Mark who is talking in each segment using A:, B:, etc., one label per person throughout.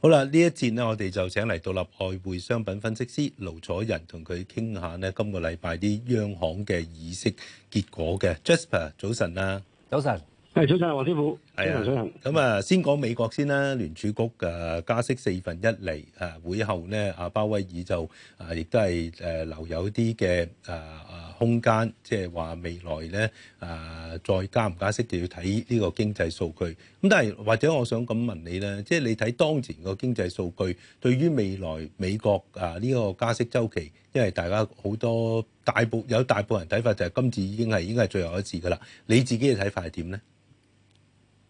A: 好啦，呢一節咧，我哋就請嚟獨立外匯商品分析師盧楚仁，同佢傾下呢今個禮拜啲央行嘅議息結果嘅。Jasper，早晨啊！早晨。係，早晨，黃師傅。係啊，早晨，咁啊行，先講美國先啦。聯儲局加息四分一厘。啊，會後咧，阿鮑威爾就啊，亦都係誒留有啲嘅空間，即係話未來咧再加唔加息就要睇呢個經濟數據。咁但係或者我想咁問你咧，即係你睇當前個經濟數據，對於未來美國啊呢個加息週期，因為大家好多大部有大部分人睇法就係今次已經係應該係最後一次噶啦。你自己嘅睇法係點咧？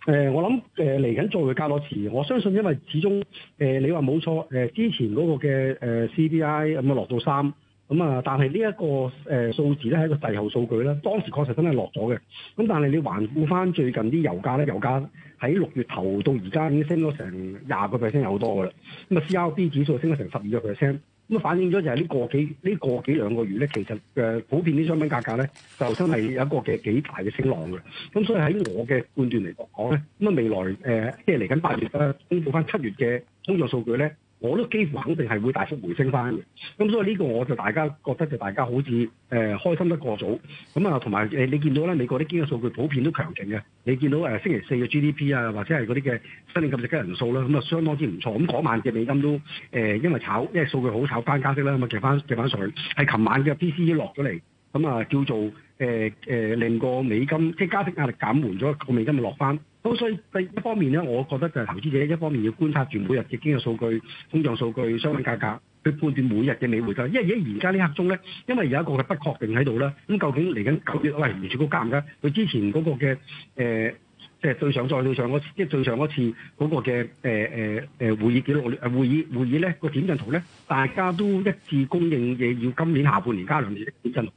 B: 誒、呃，我諗誒嚟緊再會加多次。我相信，因為始終誒、呃、你話冇錯，誒、呃、之前嗰個嘅、呃、CPI 咁、呃、啊落到三咁啊，但係、這個呃、呢一個誒數字咧係一個滯後數據呢，當時確實真係落咗嘅，咁、嗯、但係你環顧翻最近啲油價咧，油價喺六月頭到而家已經升咗成廿個 percent 有多嘅啦。咁、嗯、啊 CRB 指數升咗成十二個 percent。咁啊反映咗就係呢個幾呢個幾兩個月咧，其實誒、呃、普遍啲商品價格咧，就真係有一個嘅幾大嘅升浪嘅。咁所以喺我嘅判斷嚟講咧，咁、嗯、啊未來、呃、即係嚟緊八月咧，公布翻七月嘅通脹數據咧。我都幾乎肯定係會大幅回升翻嘅，咁所以呢個我就大家覺得就大家好似誒、呃、開心得過早，咁啊同埋你見到咧美國啲經濟數據普遍都強勁嘅，你見到、呃、星期四嘅 GDP 啊或者係嗰啲嘅新訂及值嘅人數啦，咁、嗯、啊、嗯、相當之唔錯，咁、嗯、嗰晚嘅美金都誒、呃、因為炒，因為數據好炒翻加息啦，咁啊借翻借翻水，係琴晚嘅 PCE 落咗嚟，咁、嗯、啊、嗯、叫做誒、呃呃、令個美金即係加息壓力減緩咗，個美金咪落翻。所以第一方面咧，我覺得就係投資者一方面要觀察住每日嘅經濟數據、通脹數據、商品價格，去判斷每日嘅尾回抽。因為而家而家呢刻鐘咧，因為有一個嘅不確定喺度啦。咁究竟嚟緊九月，喂，完最高加唔加？佢之前嗰個嘅誒，即、呃、係最上再最上嗰即係最上一次嗰個嘅誒誒誒會議記錄，誒會議會議咧個點陣圖咧，大家都一致供應嘢要今年下半年加兩次點陣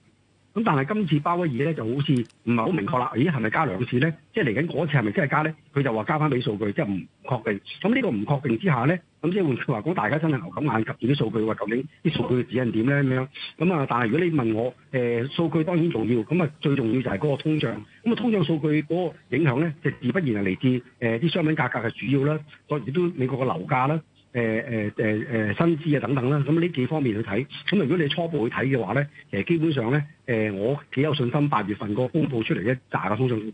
B: 咁但係今次鮑威爾咧就好似唔係好明確啦，咦係咪加兩次咧？即係嚟緊嗰次係咪真係加咧？佢就話加翻俾數據，即係唔確定。咁呢個唔確定之下咧，咁即係換句話講，大家真係牛咁眼及住啲數據，話究竟啲數據嘅指引點咧咁樣呢。咁啊，但係如果你問我、呃，數據當然重要，咁啊最重要就係嗰個通脹。咁啊通脹數據嗰個影響咧，就自不然係嚟自啲、呃、商品價格嘅主要啦，當然亦都美國嘅樓價啦。誒誒誒誒薪資啊等等啦，咁呢幾方面去睇，咁如果你初步去睇嘅話咧，其實基本上咧，誒、呃、我幾有信心八月份個公佈出嚟一扎嘅通脹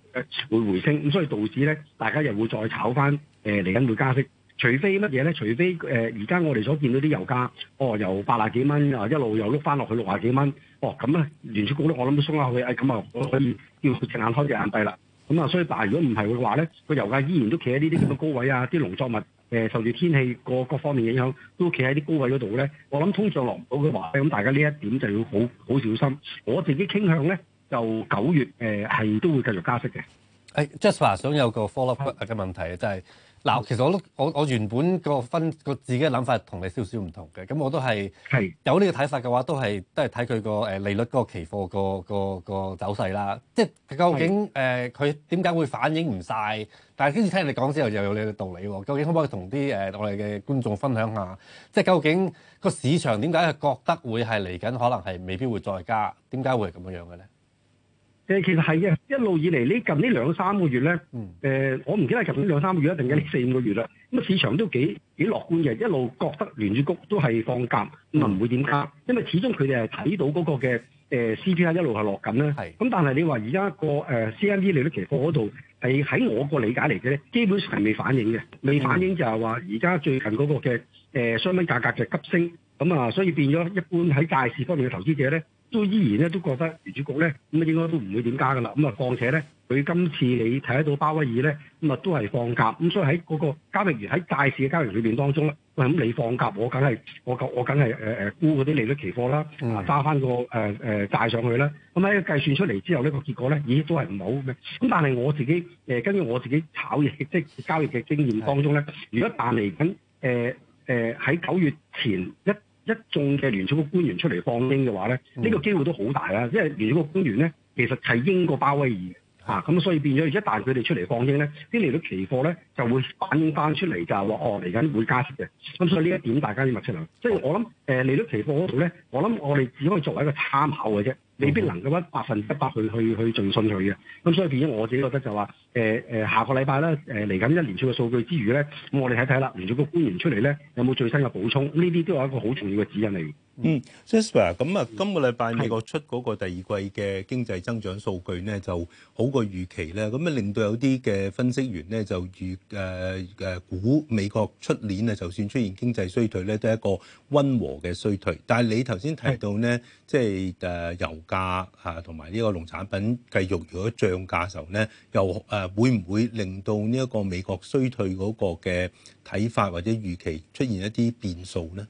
B: 會回升，咁所以導致咧大家又會再炒翻誒嚟緊會加息，除非乜嘢咧？除非誒而家我哋所見到啲油價，哦由八啊幾蚊啊一路又碌翻落去六啊幾蚊，哦咁咧聯儲局咧，我諗都鬆下去，誒咁啊可以叫佢隻眼開隻眼閉啦，咁啊所以但係如果唔係嘅話咧，個油價依然都企喺呢啲咁嘅高位啊，啲農作物。誒受住天氣個各方面影響，都企喺啲高位嗰度咧。我諗通常落唔到嘅話咧，咁大家呢一點
C: 就要好好小心。我自己傾向咧，就九月誒係、呃、都會繼續加息嘅。誒、hey，Jasper 想有個 follow up 嘅問題啊，的就係、是。嗱，其實我都我我原本個分個自己嘅諗法同你少少唔同嘅，咁我都係是有呢個睇法嘅話，都係都係睇佢個誒利率個期貨嘅個個個走勢啦。即係究竟誒佢點解會反映唔晒？但係跟住聽你講之後，又有呢個道理喎、哦。究竟可唔可以同啲誒我哋嘅觀眾分享下？即係究竟個市場點解係覺得會係嚟緊？可能係未必會再加，點解會係咁樣樣嘅咧？
B: 誒其實係嘅，一路以嚟呢近呢兩三個月咧，誒、嗯呃、我唔記得係近呢兩三個月一定係呢四五個月啦。咁啊市場都幾幾樂觀嘅，一路覺得聯儲局都係放鴿，咁啊唔會點加，因為始終佢哋係睇到嗰個嘅誒 CPI 一路係落緊啦。咁是、嗯、但係你話而家個 CNY 利率期貨嗰度係喺我個理解嚟嘅咧，基本上係未反映嘅，未反映就係話而家最近嗰個嘅誒商品價格嘅急升，咁、嗯、啊所以變咗一般喺大市方面嘅投資者咧。都依然咧，都覺得聯儲局咧，咁、嗯、啊應該都唔會點加噶啦。咁啊，況且咧，佢今次你睇得到鮑威爾咧，咁、嗯、啊都係放鴿。咁所以喺嗰個交易員喺債市嘅交易裏面當中咧，喂、哎、咁、嗯、你放鴿，我梗係我我梗係誒誒沽嗰啲利率期貨啦，揸、啊、翻個誒誒債上去啦。咁喺計算出嚟之後，呢、那個結果咧，咦都係唔好嘅。咁、嗯、但係我自己誒、呃，根據我自己炒嘢即係交易嘅經驗當中咧，的如果但嚟緊誒喺九月前一一眾嘅聯儲局官員出嚟放鷹嘅話咧，呢個機會都好大啦，因為聯儲局官員咧，其實係鷹過鮑威爾嘅，咁所以變咗一旦佢哋出嚟放鷹咧，啲利率期貨咧就會反映翻出嚟，就係話哦嚟緊會加息嘅，咁所以呢一點大家要密切留意。所以我諗誒利率期貨嗰度咧，我諗我哋只可以作為一個參考嘅啫。未、嗯、必能咁百分一百去去去盡信佢嘅。咁所以變咗我自己覺得就話、是呃呃，下個禮拜咧，嚟、呃、緊一年出嘅數據之餘咧，咁我哋睇睇啦，連住個官
A: 員出嚟咧，有冇最新嘅補充？呢啲都有一個好重要嘅指引嚟。嗯 Christopher 咁啊，今個禮拜美國出嗰個第二季嘅經濟增長數據咧，就好過預期咧，咁啊令到有啲嘅分析員咧就預估、呃呃呃、美國出年啊，就算出現經濟衰退咧，都係一個溫和嘅衰退。但係你頭先提到呢，的即係由、呃價嚇，同埋呢個農產品繼續如果漲價嘅時候咧，又誒會唔會令到呢一個美國衰退嗰個嘅睇法或者預期出現一啲變數咧？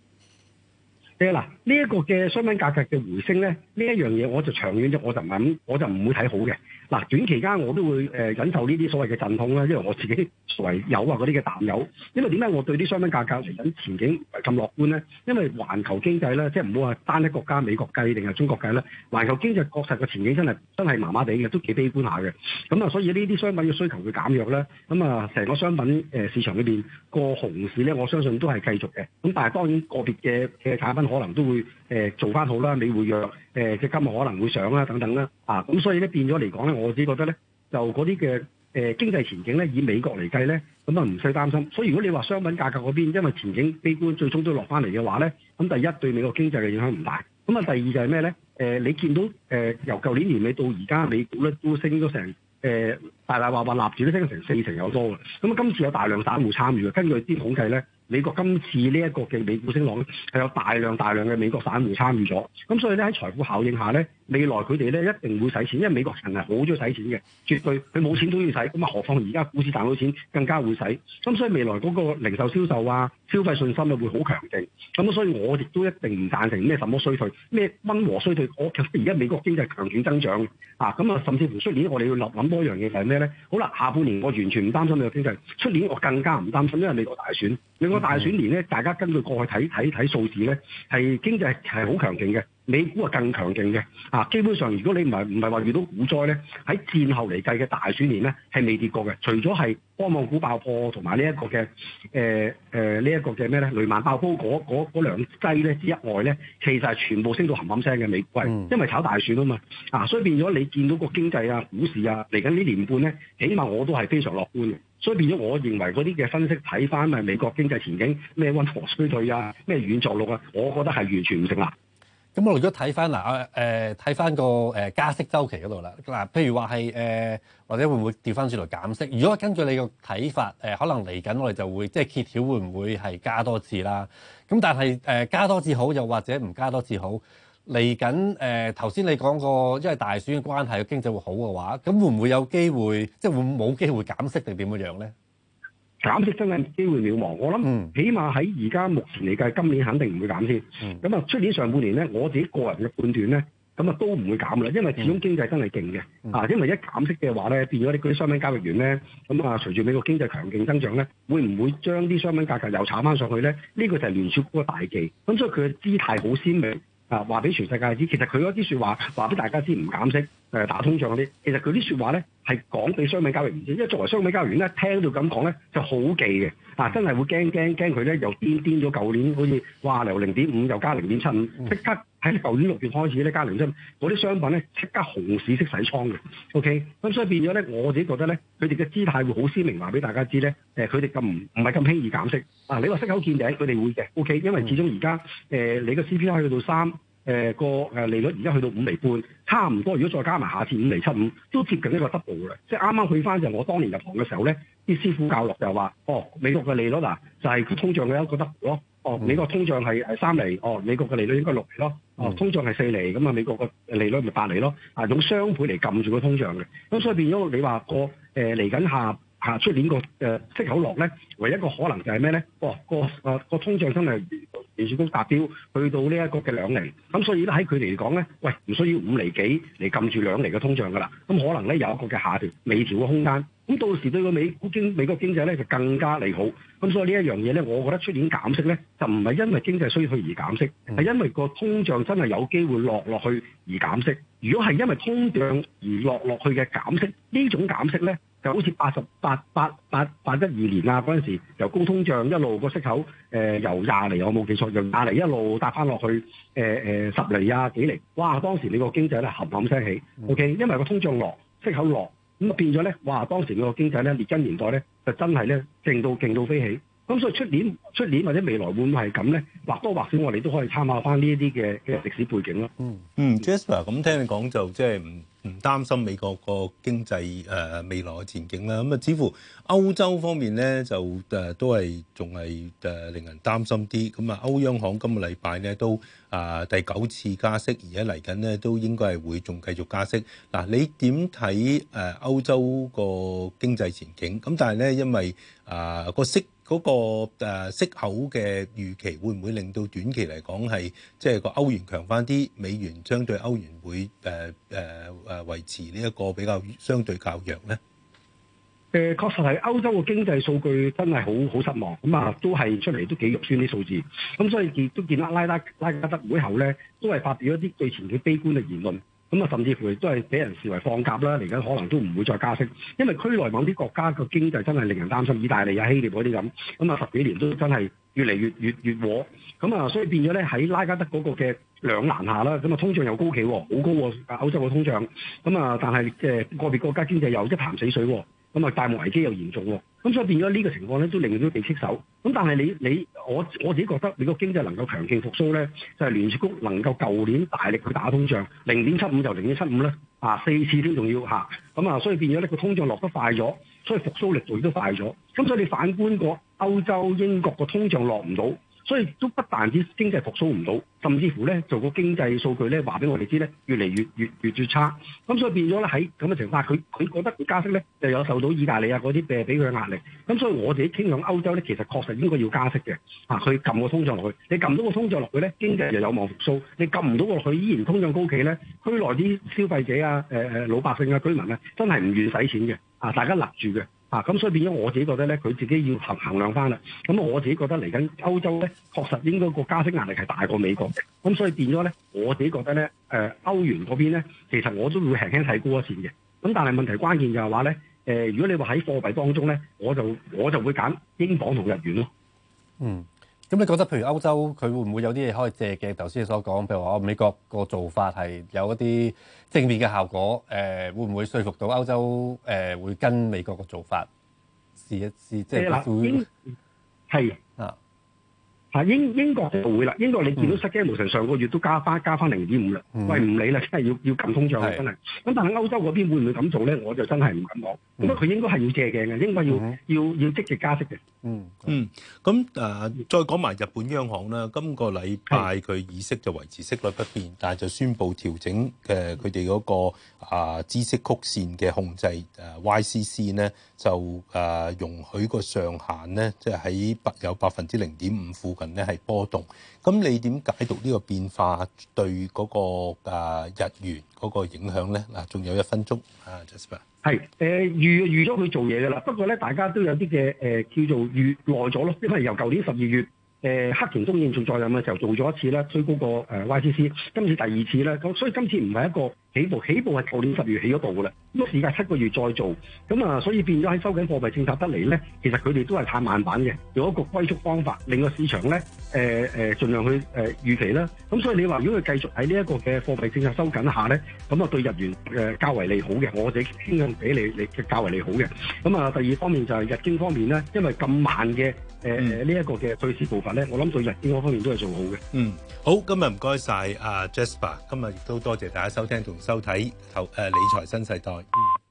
B: 誒嗱，呢一個嘅商品價格嘅回升咧，呢一樣嘢我就長遠咗我就唔，我就唔會睇好嘅。嗱，短期間我都會誒忍受呢啲所謂嘅陣痛啦，因為我自己作為啊嗰啲嘅淡友，因為點解我對啲商品價格嚟緊前景咁樂觀呢？因為環球經濟呢，即係唔好話單一國家美國計定係中國計呢，環球經濟確實個前景真係真係麻麻地嘅，都幾悲觀下嘅。咁啊，所以呢啲商品嘅需求會減弱呢。咁啊，成個商品誒市場裏面個熊市呢，我相信都係繼續嘅。咁但係當然個別嘅嘅產品可能都會。誒做翻好啦，美匯弱，誒今金可能會上啦，等等啦，啊，咁所以咧變咗嚟講咧，我自己覺得咧，就嗰啲嘅誒經濟前景咧，以美國嚟計咧，咁啊唔使擔心。所以如果你話商品價格嗰邊，因為前景悲觀，最終都落翻嚟嘅話咧，咁第一對美國經濟嘅影響唔大，咁啊第二就係咩咧？誒、呃、你見到誒、呃、由舊年年尾到而家美股咧都升咗成誒、呃、大大話話立住都升咗成四成有多嘅，咁啊今次有大量散戶參與嘅，根據啲統計咧。美國今次呢一個嘅美股升浪咧，係有大量大量嘅美國散戶參與咗，咁所以咧喺財富效應下咧，未來佢哋咧一定會使錢，因為美國人係好中意使錢嘅，絕對佢冇錢都要使，咁啊何況而家股市賺到錢更加會使，咁所以未來嗰個零售銷售啊、消費信心啊會好強勁，咁所以我亦都一定唔贊成咩什麼衰退、咩溫和衰退，我其實而家美國經濟強勁增長啊，咁啊甚至乎出年我哋要諗多一樣嘢係咩咧？好啦，下半年我完全唔擔心你個經濟，出年我更加唔擔心，因為美國大選，大選年咧，大家根據過去睇睇睇數字咧，係經濟係好強勁嘅，美股啊更強勁嘅啊。基本上，如果你唔係唔係話遇到股災咧，喺戰後嚟計嘅大選年咧，係未跌過嘅。除咗係科網股爆破同埋、呃呃呢個、呢一個嘅誒誒呢一個嘅咩咧雷曼爆煲嗰嗰兩劑咧之一外咧，其實係全部升到冚冚聲嘅美股，因為炒大選啊嘛啊，所以變咗你見到個經濟啊、股市啊，嚟緊呢年半咧，起碼我都係非常樂觀嘅。所以變咗，我認為嗰啲嘅分析睇翻係美國經濟前景，
C: 咩溫和衰退啊，咩軟著陸啊，我覺得係完全唔成立。咁我如果睇翻嗱，誒睇翻個誒加息周期嗰度啦。嗱，譬如話係誒，或者會唔會調翻轉嚟減息？如果根據你嘅睇法、呃，可能嚟緊我哋就會即係、就是、揭曉，會唔會係加多次啦？咁但係誒、呃、加多次好，又或者唔加多次好？嚟緊誒，頭先、呃、你講過，因為大選嘅關係，經濟會好嘅話，咁會唔會有機會，即係會冇機會減息定點樣樣咧？減息真係機會渺茫。我諗起
B: 碼喺而家目前嚟計，今年肯定唔會減先。咁啊、嗯，出年上半年咧，我自己個人嘅判斷咧，咁啊都唔會減啦，因為始終經濟真係勁嘅啊。嗯嗯、因為一減息嘅話咧，變咗啲商品交易員咧，咁啊隨住美國經濟強勁增長咧，會唔會將啲商品價格又炒翻上去咧？呢、呢個就係聯儲局嘅大忌，咁所以佢嘅姿態好鮮明。啊！話俾全世界知，其實佢嗰啲説話話俾大家知唔減息，誒、呃、打通脹嗰啲，其實佢啲説話咧係講俾商品交易員，因為作為商品交易員咧，聽到咁講咧就好忌嘅，啊，真係會驚驚驚佢咧又癲癲咗，舊年好似哇，由零點五又加零點七五，即刻。喺舊年六月開始咧加零息，嗰啲商品咧即刻熊市式洗倉嘅，OK，咁所以變咗咧，我自己覺得咧，佢哋嘅姿態會好鮮明，話俾大家知咧，誒，佢哋咁唔唔係咁輕易減息啊！你話息口見頂，佢哋會嘅，OK，因為始終而家誒你個 CPI 去到三、呃，誒個誒利率而家去到五厘半，差唔多，如果再加埋下次五厘七五，都接近一個 double 嘅，即係啱啱去翻就我當年入行嘅時候咧，啲師傅教落就話，哦，美國嘅利率嗱、啊、就係、是、佢通脹嘅一個 double 咯。哦，美國通脹係係三厘，哦，美國嘅利率應該六厘咯，哦，通脹係四厘，咁啊，美國嘅利率咪八厘咯，啊，用雙倍嚟撳住個通脹嘅，咁所以變咗你話個誒嚟緊下下出年個誒、呃、息口落咧，唯一一個可能就係咩咧？哦，個啊個、呃、通脹真係完全都達標，去到呢一個嘅兩厘。咁所以咧喺佢哋嚟講咧，喂，唔需要五厘幾嚟撳住兩厘嘅通脹噶啦，咁可能咧有一個嘅下調、微調嘅空間。咁到時對個美經美國經濟咧就更加利好，咁所以呢一樣嘢咧，我覺得出年減息咧就唔係因為經濟衰退而減息，係因為個通脹真係有機會落落去而減息。如果係因為通脹而落落去嘅減息，呢種減息咧就好似八十八八八八一二年啊嗰陣時由高通脹一路個息口誒、呃、由廿厘我冇記錯就廿厘一路搭返落去誒、呃呃、十厘啊幾厘。哇，當時你個經濟咧冚冚聲起，OK，、嗯、因為個通脹落息口落。咁啊變咗呢，哇，當時個經濟呢列根年代呢就真係呢勁到勁到飛起。咁
A: 所以出年、出年或者未來會唔會係咁咧？或多或少我哋都可以參考翻呢一啲嘅嘅歷史背景咯。嗯嗯，Jasper，咁聽你講就即係唔唔擔心美國個經濟誒未來嘅前景啦。咁啊，似乎歐洲方面咧就誒都係仲係誒令人擔心啲。咁啊，歐央行今個禮拜咧都啊第九次加息，而家嚟緊咧都應該係會仲繼續加息。嗱，你點睇誒歐洲個經濟前景？咁但係咧，因為啊個息嗰個誒息口嘅預期會唔會令到短期嚟講係即係個歐元強翻啲，美元相對歐元會誒誒誒維持呢一個比較相對較弱咧？
B: 誒，確實係歐洲嘅經濟數據真係好好失望，咁啊都係出嚟都幾肉酸啲數字，咁所以亦都見拉拉拉加德會後咧，都係發表一啲最前嘅悲觀嘅言論。咁啊，甚至乎都係俾人視為放鴿啦！嚟緊可能都唔會再加息，因為區內某啲國家個經濟真係令人擔心，意大利啊、希臘嗰啲咁。咁啊，十幾年都真係越嚟越越越禍。咁啊，所以變咗咧喺拉加德嗰個嘅兩難下啦。咁啊，通脹又高企，好高啊！歐洲嘅通脹。咁啊，但係誒個別國家經濟又一潭死水喎、啊。咁啊，債務危機又嚴重喎，咁所以變咗呢個情況咧，都令到地棘手。咁但係你你我我自己覺得，你個經濟能夠強勁復甦咧，就係聯儲局能夠舊年大力去打通脹，零點七五就零點七五咧，啊四次都仲要嚇，咁啊，所以變咗呢個通脹落得快咗，所以復甦力度亦都快咗。咁所以你反觀過歐洲英國個通脹落唔到。所以都不但止經濟復甦唔到，甚至乎咧做個經濟數據咧話俾我哋知咧越嚟越越越越差，咁所以變咗咧喺咁嘅情況下，佢佢覺得加息咧就有受到意大利啊嗰啲病俾佢嘅壓力，咁所以我哋啲傾向歐洲咧其實確實應該要加息嘅，啊，去撳個通脹落去，你撳到個通脹落去咧經濟又有望復甦，你撳唔到個落去依然通脹高企咧，區內啲消費者啊老百姓啊居民咧、啊、真係唔願使錢嘅，啊，大家立住嘅。啊，咁所以變咗我自己覺得咧，佢自己要衡衡量翻啦。咁我自己覺得嚟緊歐洲咧，確實應該個加息壓力係大過美國嘅。咁所以變咗咧，我自己覺得咧，誒歐元嗰邊咧，其實我都會輕輕睇高一線嘅。咁但係問題關鍵就係話咧，
C: 誒、呃、如果你話喺貨幣當中咧，我就我就會揀英鎊同日元咯。嗯。咁你覺得，譬如歐洲佢會唔會有啲嘢可以借鏡？頭先你所講，譬如話，美國個做法係有一啲正面嘅效果，誒、呃，會唔會說服到歐洲誒、呃、會跟美國個做法試一試？即係會
B: 啊英，英國就會啦，英國你見到失驚無神上個月都加翻加翻零點五啦，喂唔理啦，真係要要撳通脹啊，真係是。咁但係歐洲嗰邊會唔會咁做咧？我就真係唔敢講。咁佢、mm. 應該係要借鏡嘅，應該要、mm. 要要積極加息嘅。嗯嗯，
A: 咁誒、嗯呃、再講埋日本央行啦。今個禮拜佢議息就維持息率不變，但係就宣布調整誒佢哋嗰個啊、呃、知識曲線嘅控制誒、呃、YCC 呢就誒、呃、容許個上限咧，即係喺百有百分之零點五附近。咧係波動，咁你點解讀呢個變化對嗰個誒日元嗰個影響咧？嗱，仲有一分鐘啊，Jasper 係誒預
B: 預咗佢做嘢噶啦，不過咧大家都有啲嘅誒叫做預耐咗咯，因為由舊年十二月。誒黑田東彥仲再任嘅時候做咗一次咧，追高個 YCC。今次第二次咧，咁所以今次唔係一個起步，起步係舊年十月起咗步嘅啦。咁啊，時隔七個月再做，咁啊，所以變咗喺收緊貨幣政策得嚟咧，其實佢哋都係太慢板嘅。用一個歸縮方法令個市場咧，誒、呃、誒，儘量去誒、呃、預期啦。咁所以你話如果佢繼續喺呢一個嘅貨幣政策收緊下咧，咁啊對日元誒較為利好嘅，我自己傾向俾你你較為利好
A: 嘅。咁啊，第二方面就係日經方面咧，因為咁慢嘅。誒呢一個嘅退市步伐咧，我諗對日資嗰方面都係做好嘅。嗯，好，今日唔該晒阿 Jasper，今日亦都多謝大家收聽同收睇投誒理財新世代。